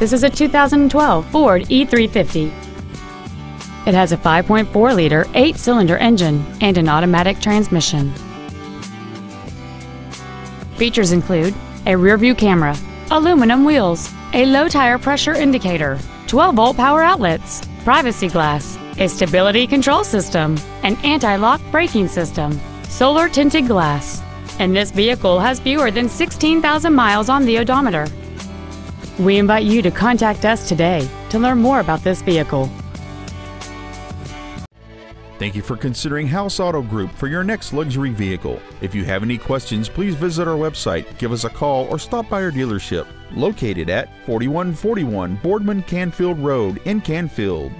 This is a 2012 Ford E350. It has a 5.4-liter eight-cylinder engine and an automatic transmission. Features include a rear-view camera, aluminum wheels, a low-tire pressure indicator, 12-volt power outlets, privacy glass, a stability control system, an anti-lock braking system, solar tinted glass, and this vehicle has fewer than 16,000 miles on the odometer. We invite you to contact us today to learn more about this vehicle. Thank you for considering House Auto Group for your next luxury vehicle. If you have any questions, please visit our website, give us a call, or stop by our dealership located at 4141 Boardman Canfield Road in Canfield.